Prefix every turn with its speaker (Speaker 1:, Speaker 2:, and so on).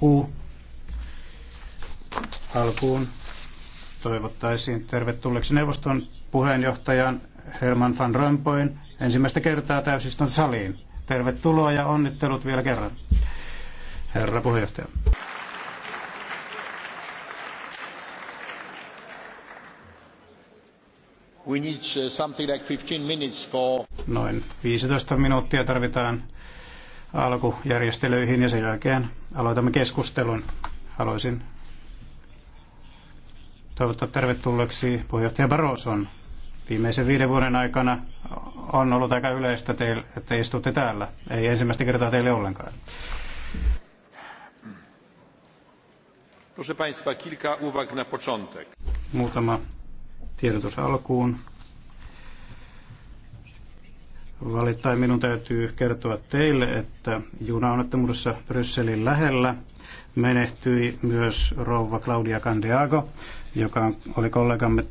Speaker 1: Q alkuun toivottaisiin tervetulleeksi neuvoston puheenjohtajan Herman van Rompuyn ensimmäistä kertaa täysistun saliin. Tervetuloa ja onnittelut vielä kerran, herra puheenjohtaja.
Speaker 2: We need uh, something like 15 minutes for...
Speaker 1: Noin 15 minuuttia tarvitaan alkujärjestelyihin ja sen jälkeen aloitamme keskustelun. Haluaisin toivottaa tervetulleeksi puheenjohtaja Baroson. Viimeisen viiden vuoden aikana on ollut aika yleistä, teille, että istutte täällä. Ei ensimmäistä kertaa teille ollenkaan.
Speaker 3: Proszę Państwa, kilka uwag na początek.
Speaker 1: Muutama tiedotus alkuun. Valittain minun täytyy kertoa teille, että junaonnettomuudessa Brysselin lähellä menehtyi myös rouva Claudia Candiago, joka oli kollegamme